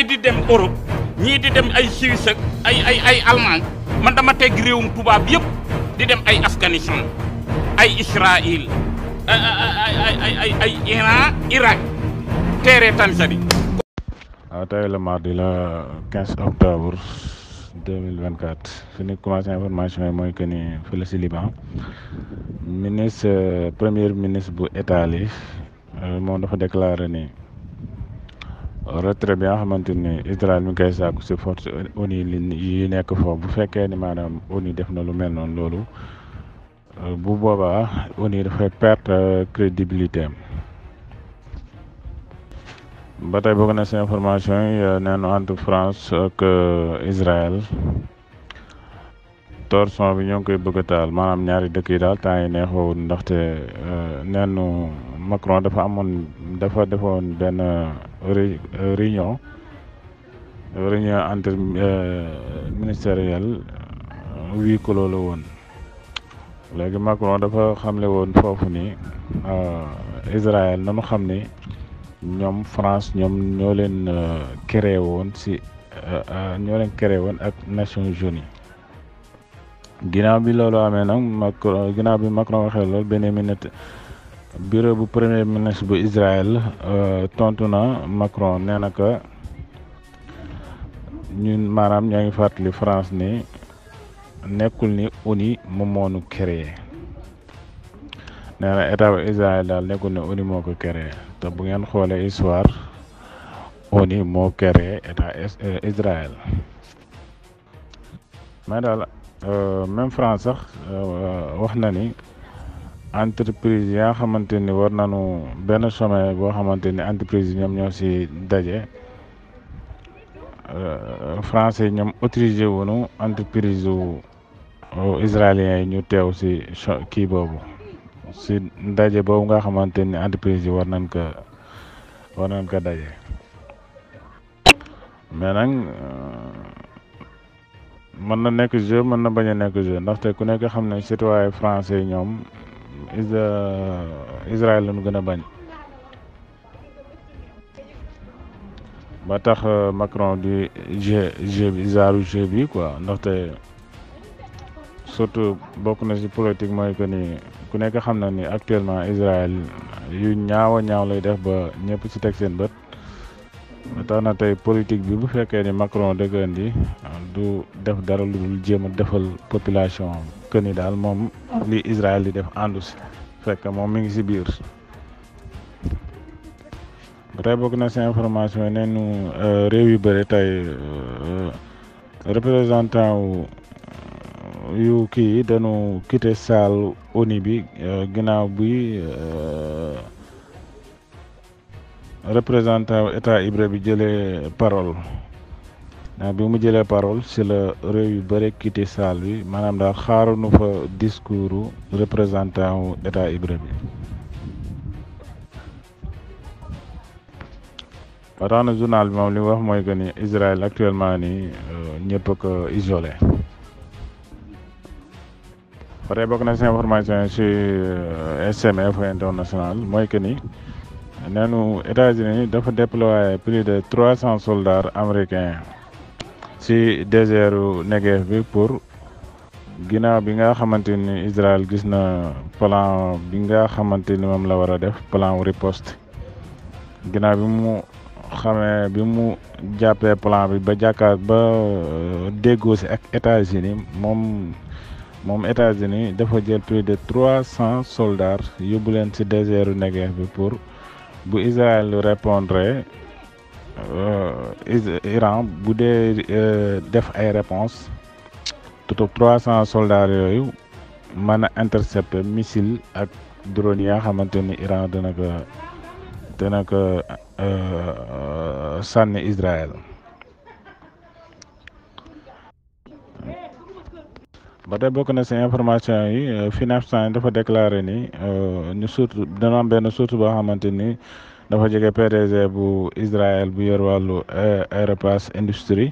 gaay di dem Europe ñi di dem ay Suisse ak ay ay ay Allemagne man dama teg réewum tubaab yépp di dem ay Afghanistan ay Israël ay ay ay ay ay Iran Irak teere Tanzanie waaw ah, tey la mardi la 15 octobre 2024 fi ñu commencé information yi mooy que ni fële si Liban ministre premier ministre bu Italie euh, moom dafa déclaré ni retrait très bien xamante Israël mi ngi koy sàkku si force ONU yi nekk foofu bu fekkee ni maanaam ONU def na lu mel noonu loolu euh, bu boobaa ONU dafay perte euh, crédibilité am ba tey bokk na si information yi euh, neenu entre France ak Israël torsion bi ñoo ngi koy bëgg a taal maanaam ñaari dëkk yi daal temps yi neexoowul ndaxte neenu Macron dafa amoon dafa defoon benn euh, euh, réunion réunion entre euh, ministériel huis clos la woon léegi Macron dafa xamle woon foofu ni Israël nanu xam ni ñoom France ñoom ñoo leen créé woon si ñoo leen créé woon ak Nations Unies ginnaaw bi loolu amee nag Macron ginnaaw bi Macron waxee loolu Benjamin Netanyahu bureau bu premier ministre bu Israël euh, tontu na Macron nee na que ñun maanaam ñoo ngi fàttali France ni nekkul ni ONU moom moo nu créé nee état bu Israël daal nekkul ni ONU moo ko te bu ngeen xoolee histoire ONU moo créé état euh, Israël mais daal euh, même France sax wax na ni. entreprise yi nga xamante ni war nañu benn sommet boo xamante ni entreprise yi ñoom ñoo si daje euh, français yi ñoom autorisé wunu entreprise yu israélien yi ñu teew si kii boobu si ndaje boobu nga xamante ni entreprise yi war nañ ko war nañ ko daje mais nag euh, mën na nekk jeu mën na bañ a nekk jeu ndaxte ku nekk xam ne citoyen français ñoom Uh, Israël la ñu gën a bañ ba tax euh, Macron di jeu jeu bi zaaru jeu bi quoi ndaxte surtout bokk na ci politique mooy que ni ku nekk xam na ni actuellement Israël yu ñaaw a ñaaw lay def ba ñëpp ci teg seen bët ba tax na tey politique bi bu fekkee ni Macron dëgg indi du def dara lu dul jéem a defal population que ni li Israël di def àndu si fekk moom mi ngi si biir ba tey bokk na si information yi neenu euh, réew yu bëri tey euh, représentant wu euh, yu kii dañu quitté bi ginnaaw bi représentant état hébreu bi parole ndax ah, bi mu jëlee parole si la réew yu bëri quitté salle bi maanaam daal xaaruñu fa discours représentant wu état hébreu bi ba tax na journal bi moom li wax mooy que ni Israël actuellement nii euh, ñëpp a ko isolé ba tey bokk na si information si euh, SMF international mooy que ni neenu États-Unis dafa déployé plus de trois cent soldats américains ci désertu Negev bi pour ginnaaw bi nga xamante ni Israël gis na plan bi nga xamante ni moom la war a def palan wu riposte ginnaaw bi mu xamee bi mu jàppee plan bi ba jàkkaar ba euh, déggoo si ak États-Unis moom moom États-Unis dafa jël plus de trois cent soldats yóbbu leen si désertu Negev bi pour bu Israël répondre Euh, Iran bu dee euh, def ay réponse trois 300 soldats yooyu mën a intercepter missile ak drone yaa xamante ni Iran dana ko dana ko euh, sànni Israël ba tey bokk na si information yi FINAFSA dafa déclaré ni ñu surtout dana am benn source boo xamante ni dafa jóge PDG bu Israël bu yor wàllu aéropace industrie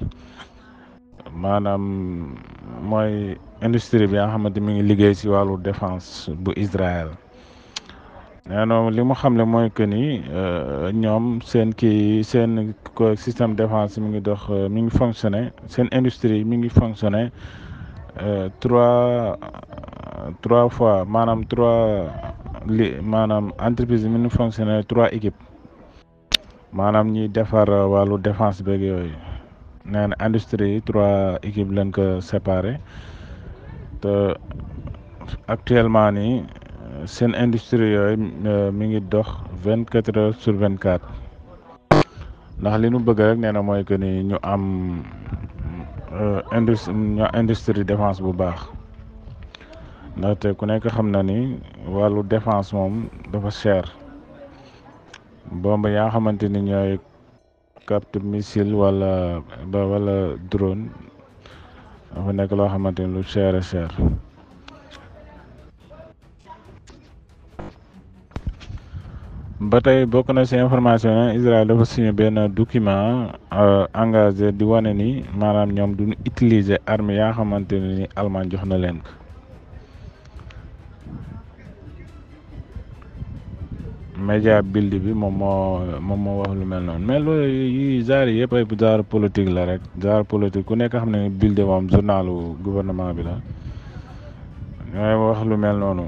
maanaam mooy industrie bi nga xamante mi ngi liggéey ci wàllu défense bu Israël nee li mu xam ne mooy que ni euh, ñoom seen kii seen système défense mi ngi dox euh, mi ngi fonctionné seen industrie mi ngi fonctionné euh, trois trois fois maanaam trois li maanaam entreprise mi ngi fonctionné trois équipes manam ñi défar walu défense beeg yoy nee industrie trois équipes lañ ko séparer te actuellement ni sen industrie yoy mi ngi dox 24 heures sur 24 ndax li ñu bëgg rek néna moy que ni ñu am euh industrie défense bu baax ndax té ku nekk xamna ni walu défense mom dafa cher. bomb yaa nga xamante ni ñooy capte missile wala ba wala drone dafa nekk loo xamante ni lu cher a cher ba tey bokk na ci information yi Israël dafa signé benn document euh, engagé di wane ni maanaam ñoom duñu utiliser arme yaa xamante ni Allemagne jox na leen média bild bi moom moo moom moo wax lu mel noonu mais loolu yi genre yëpp ay genre politique la rek genre politique ku nekk xam ne bild moom journalu gouvernement bi la ñooy wax lu mel noonu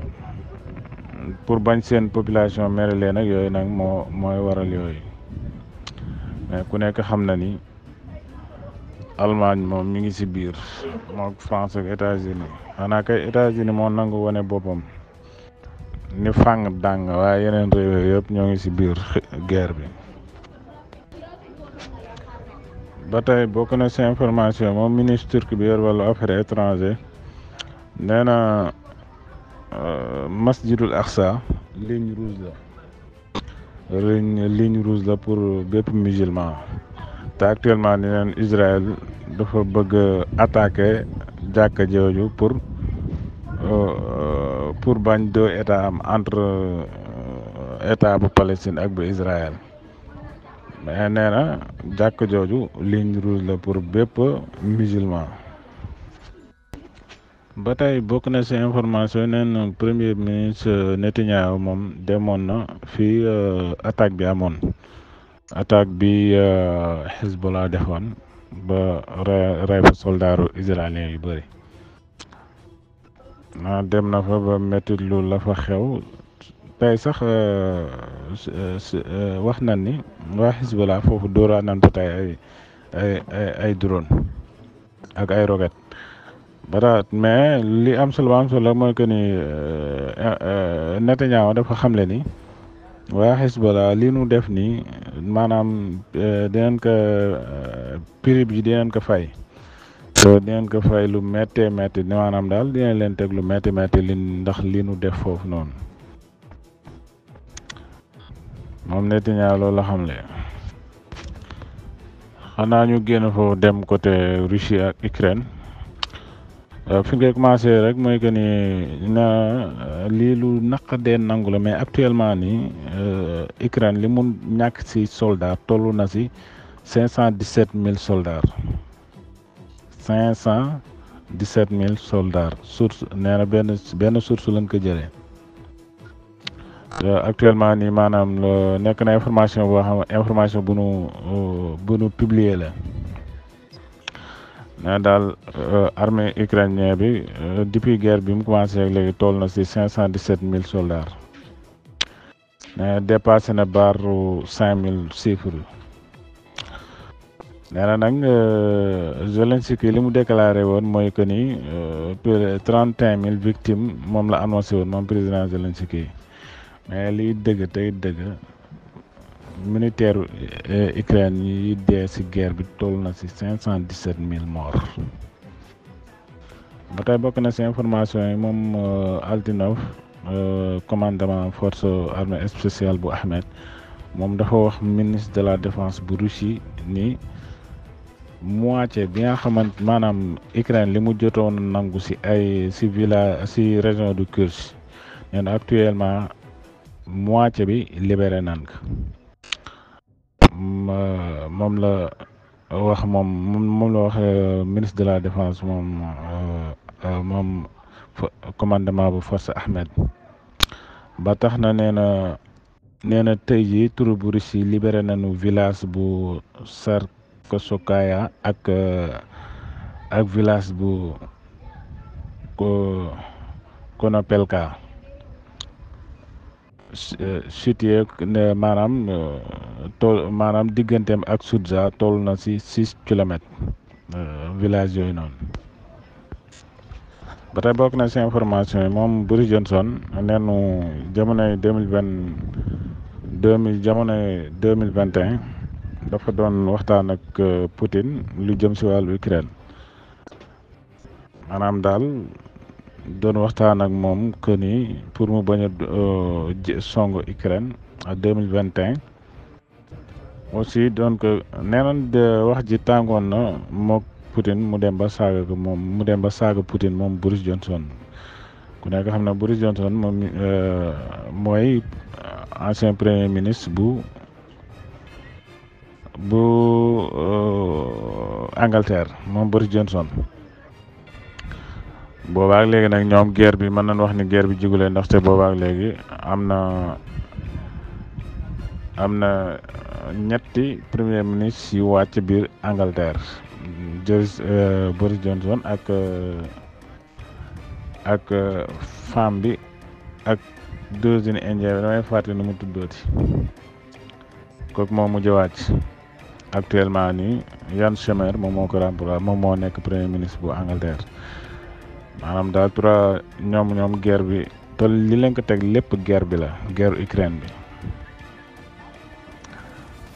pour bañ seen population mere leen ak yooyu nag moo mooy waral yooyu mais ku nekk xam na ni Allemagne moom mi ngi si biir moog France ak États-Unis xanaa kay États-Unis moo nangu wane boppam ni fang dàng waaye yeneen réew yëpp ñoo ngi ci biir guerre bi ba tey bokk na ci information moom ministre turc bi yor wàllu affaire étranger nee na euh, masjidul aqsa ligne rouge la pour bépp musulman te actuellement ni leen Israël dafa bëgg attaquer jàkka jooju pour euh, pour bañ deux états am entre euh, état bu Palestine ak bu Israël mais nee jàkk jooju ligne rouge la pour bépp musulman. ba tey bokk na ci information neen premier ministre Netanyahu moom demoon na fii euh, attaque bi amoon attaque bi euh, Hezbollah defoon ba rey fa soldaaru israélien yu bëri. na ah, dem na fa ba méttit lu la fa xew tey sax euh, euh, euh, wax nañ ni waa Hezbollah foofu dóoraa nañ fa tey ay drone ak ay roquette baraat mais li am solo am solo mooy que ni Netanyahu dafa le ni waa Hezbollah li nu def nii maanaam dinañ ko prix bi dinañ ko fay. dinañ ko fay lu méttee métti maanaam daal dinañ leen teg lu métti métti li ndax li nu def foofu noonu moom netti ñaa loolu la xam le xanaa ñu génn foofu dem côté Russie ak Ukraine euh, fi nga commencé rek mooy que ni na lii lu naqadee nangu la mais actuellement nii euh, Ukraine li mu ñàkk ci soldats tollu na ci cinq cent dix-sept mille soldats cinq cent soldats source nee ben ben source lañ ko jëlee actuellement nii maanaam nek na information bo xam information bu nu bu nu publier la na dal armée ukrainienne bi depuis guerre bi mu commencé ak légui toll na ci cinq cent soldats ne dépassé na barre 5000 chiffres nee na nag euh, Zelensky li mu déclaré woon mooy que ni euh, trente et un mille victimes moom la annoncé woon moom président Zelensky mais liy dëgg tey dëgg militaire euh, Ukraine yi dee ci guerre bi toll na ci cinq cent dix sept mille morts tey bokk na ci information yi moom Aldinov commandement force armée spéciale bu Ahmed moom dafa wax ministre de la defence bu Russie ni moitié bi nga xamant maanaam Ukraine li mu jotoon nangu si ay si si région du Kursk neen actuellement moitié bi libéré nan moom la wax moom moom la wax euh, ministre de la défense moom euh, euh, moom commandement bu force Ahmed ba tax na nee na tey jii turu bu Russie libéré nañu village bu Sar. Kosokaya ak euh, ak village bu ko Konopelka situé euh, maanaam euh, tool maanaam digganteem ak Soudza toll na ci six kilomètres village yooyu noonu ba book na ci information yi moom Boris Johnson neenu jamonoy deux mille vingt deux mille jamonoy deux mille vingt et un dafa doon waxtaan ak euh, Poutine lu jëm si wàllu Ukraine maanaam dal doon waxtaan ak moom que ni pour mu bañ a euh, song Ukraine à deux mille vingt et un aussi donc nee de wax ji tàngoon na mook Poutine mu dem ba saaga ko mu dem ba saaga Poutine moom Boris Johnson ku nekk Boris Johnson moom euh, mooy ancien premier ministre bu bu eh, Angleterre moom Boris Johnson boobaak léegi nag ñoom guerre bi mën nañ wax ni guerre bi jigulee ndaxte boobaak léegi am na am na ñetti premier ministre yu wàcc biir Angleterre Boris eh, Boris Johnson ak eh, ak femme bi ak deuxième indien bi damay fàtte nu mu tuddooti kooku moom mujj wàcc actuellement ni Yann Chemer moom moo ko remplacé moom moo premier ministre bu Angleterre maanaam daal nyom ñoom ñoom guerre bi te li leen ko teg lépp guerre bi la guerre Ukraine bi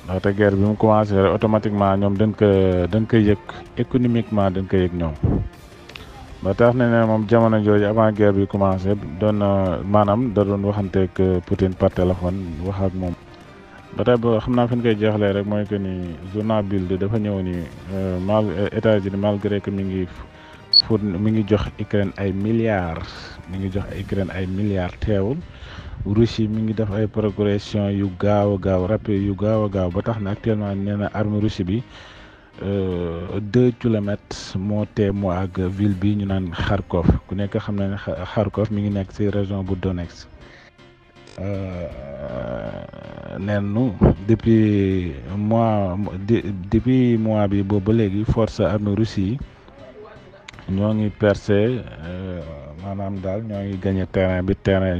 ndaxte guerre bi mu commencé automatiquement ñoom dañ ko dañ ko yëg économiquement dañ ko yëg ñoom ba tax na ne mom jamono jooju avant guerre bi commencé doon na maanaam da doon waxanteeg Poutine par téléphone wax ak ba tey ba xam naa fi ñu koy jeexalee rek mooy que ni journal Bild dafa ñëw ni euh, mal euh, États-Unis malgré que mi ngi pour mi ngi jox Ukraine ay milliards mi ngi jox Ukraine ay milliards teewul Russie mi ngi def ay progression yu gaaw a gaaw rapide yu gaaw gaaw ba tax na actuellement nee na armée Russie bi euh, deux kilomètres moo tee moo ak ville bi ñu naan Kharkov ku nekk xam na ne Kharkov mi ngi nekk ci région bu Donetsk. Euh, nous depuis mois depuis mois bi force Russie percé euh, terrain bi terrain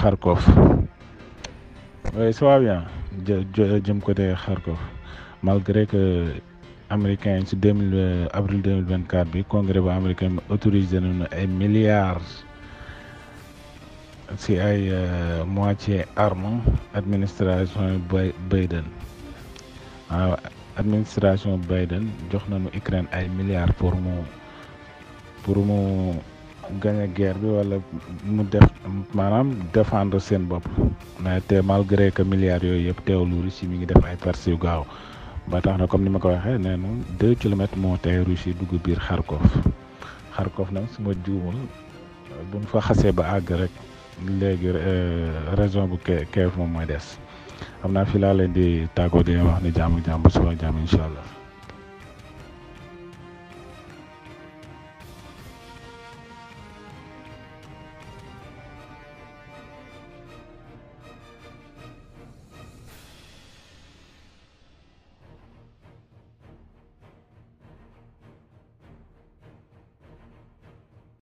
Kharkov oui ça bien côté Kharkov malgré que américain euh, avril 2024 bi congrès autorisé un si ay eh, moitié arme administration Biden ah, administration Biden jox nañu Ukraine ay milliards pour mu pour mu gagner guerre bi wala mu def maanaam défendre seen bopp mais te malgré que milliards yooyu yëpp teewlu Russie mi ngi def ay pertes yu gaaw ba tax na comme ni ma ko waxee nee na deux kilomètres moo Russie dugg biir Kharkov Kharkov nag su ma buñ fa xasee ba rek léegi euh, région bu Keef moom mooy des xam naa fi laa leen di tàggoo di wax ne jàmm ak jàmm suba jàmm incha allah.